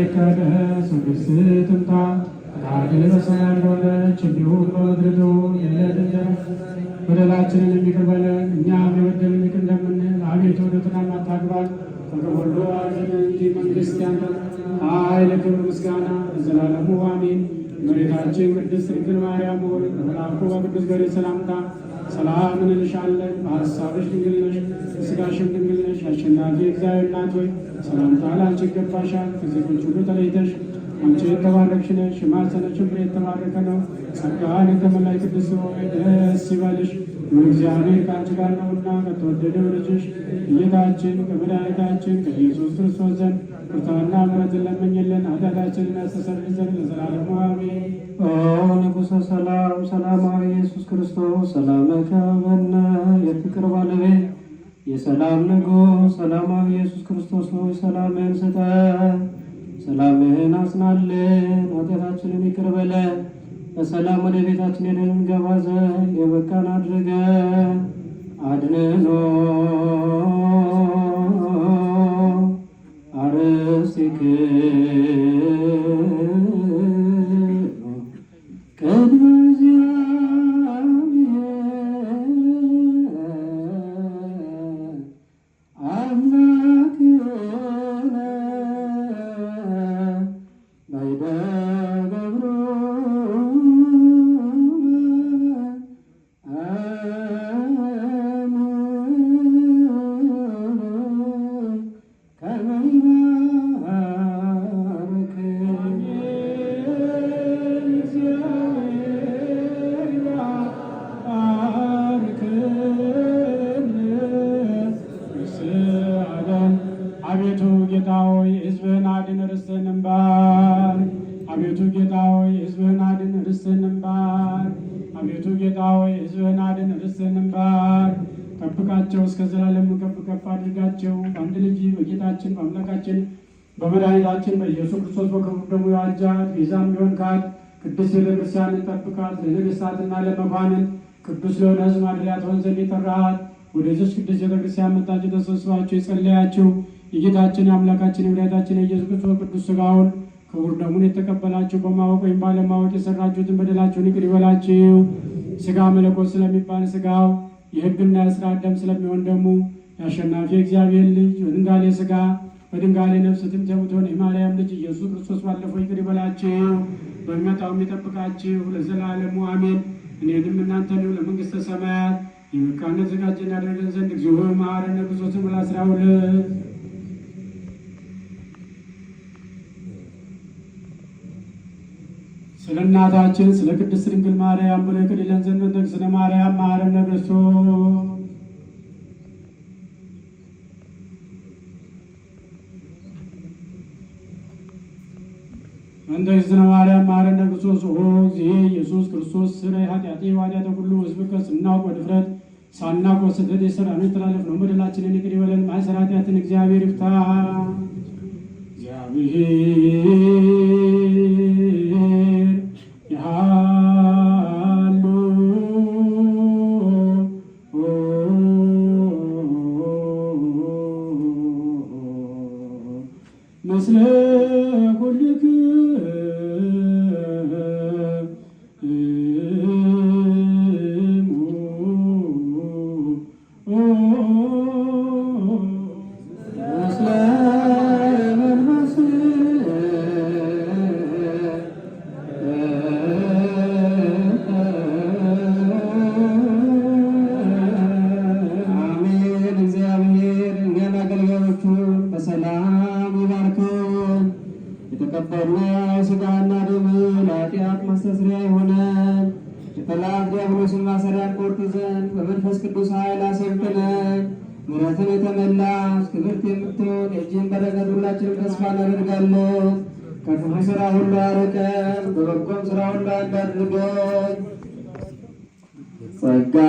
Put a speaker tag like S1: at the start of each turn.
S1: ይቀደስ መንግሥትህ ትምጣ በአገር በሰማይ እንደሆነች እንዲሁም በምድር የዕለት እንጀራችንን በደላችንን ይቅር በለን እኛም የበደሉንን ይቅር እንደምንል፣ አቤቱ ወደ ፈተና አታግባን ከክፉ ሁሉ አድነን እንጂ መንግሥት ያንተ ኃይል፣ ክብር፣ ምስጋና ለዘላለሙ አሜን። እመቤታችን ቅድስት ድንግል ማርያም ሆይ በመልአኩ በቅዱስ ገብርኤል ሰላምታ ሰላም እንልሻለን። በሀሳብሽ ድንግል ነሽ፣ በሥጋሽም ድንግል ነሽ። አሸናፊ እግዚአብሔር እናት ሆይ ሰላምታ ላንቺ ይገባሻል። ከሴቶች ሁሉ ተለይተሽ አንቺ የተባረክሽ ነሽ፣ የማኅፀንሽ ፍሬ የተባረከ ነው። ጸጋን የተመላሽ ቅድስት ሆይ ደስ ይበልሽ፣ እግዚአብሔር ከአንቺ ጋር ነውና ከተወደደው ልጅሽ ጌታችን ከመድኃኒታችን ከኢየሱስ ክርስቶስ ዘንድ ፍርሃትና ምሕረትን ለምኝልን ኃጢአታችንን ያስተሰርይ ዘንድ ለዘላለሙ አሜን። ኦ ንጉሠ ሰላም ሰላማዊ ኢየሱስ ክርስቶስ ሰላመከ በነ የፍቅር ባለቤት የሰላም ንጉሥ ሰላማዊ ኢየሱስ ክርስቶስ ሆይ ሰላምን ስጠን። ሰላምህን አጽናልን፣ ኃጢአታችንን ይቅር በለን፣ በሰላም ወደ ቤታችን እንገባ ዘንድ የበቃን አድርገን ርስትን ባር አቤቱ ጌታ ሆይ ሕዝብህን አድን፣ ርስትን እንባር። ጠብቃቸው፣ እስከ ዘላለም ከፍ ከፍ አድርጋቸው። በአንድ ልጅ በጌታችን በአምላካችን በመድኃኒታችን በኢየሱስ ክርስቶስ በክቡር ደሙ የዋጃት ቤዛም ቢሆን ካል ቅድስት ቤተክርስቲያን ጠብቃት። ለነገሥታትና ለመኳንን ቅዱስ ለሆነ ሕዝብ ማደሪያ ትሆን ዘንድ የጠራሃት ወደዚች ቅድስት ቤተክርስቲያን መጣችሁ ተሰብስባችሁ የጸለያችሁ የጌታችን የአምላካችን የመድኃኒታችን የኢየሱስ ክርስቶስ ቅዱስ ሥጋውን ክቡር ደሙን የተቀበላችሁ በማወቅ ወይም ባለማወቅ የሰራችሁትን በደላችሁን ይቅር ይበላችሁ። ስጋ መለኮት ስለሚባል ስጋው የህግና የስራ ደም ስለሚሆን ደግሞ የአሸናፊ እግዚአብሔር ልጅ በድንጋሌ ስጋ በድንጋሌ ነፍስ ትምት የምትሆን የማርያም ልጅ ኢየሱስ ክርስቶስ ባለፈው ይቅር ይበላችሁ፣ በሚመጣውም ይጠብቃችሁ ለዘላለሙ አሜን። እኔንም እናንተንም ለመንግስተ ሰማያት የመቃነት ዝጋጅ እናደርገን ዘንድ እግዚኦ መሐረነ ክርስቶስን ብላ ስራ ሁለት ስለ እናታችን ስለ ቅድስት ድንግል ማርያም በረከት ይለን ዘንድ በተክስነ ማርያም ማረ በሶ እንደዚህ እዝነ ማርያም ማረነ ክርስቶስ ኦ እግዚእ ኢየሱስ ክርስቶስ ስረ ኃጢአቴ ወኃጢአተ ኩሉ ሕዝብ ከስናውቅ በድፍረት ሳናውቅ በስህተት የሰራነውን የተላለፍነውን በደላችንን ይቅር ይበለን፣ ማይሰራ ኃጢአትን እግዚአብሔር ይፍታ። እግዚአብሔር ጠላት ዲያብሎስን ማሰሪያ ቆርጥ ዘንድ በመንፈስ ቅዱስ ኃይል አሰልጥነን ምሕረትን የተመላች ክብርት የምትሆን የእጅን በረከት ሁላችንም ተስፋ እናደርጋለን። ከክፉ ስራ ሁሉ አርቀን በበጎም ስራ ሁሉ አንዳድርገን ጸጋ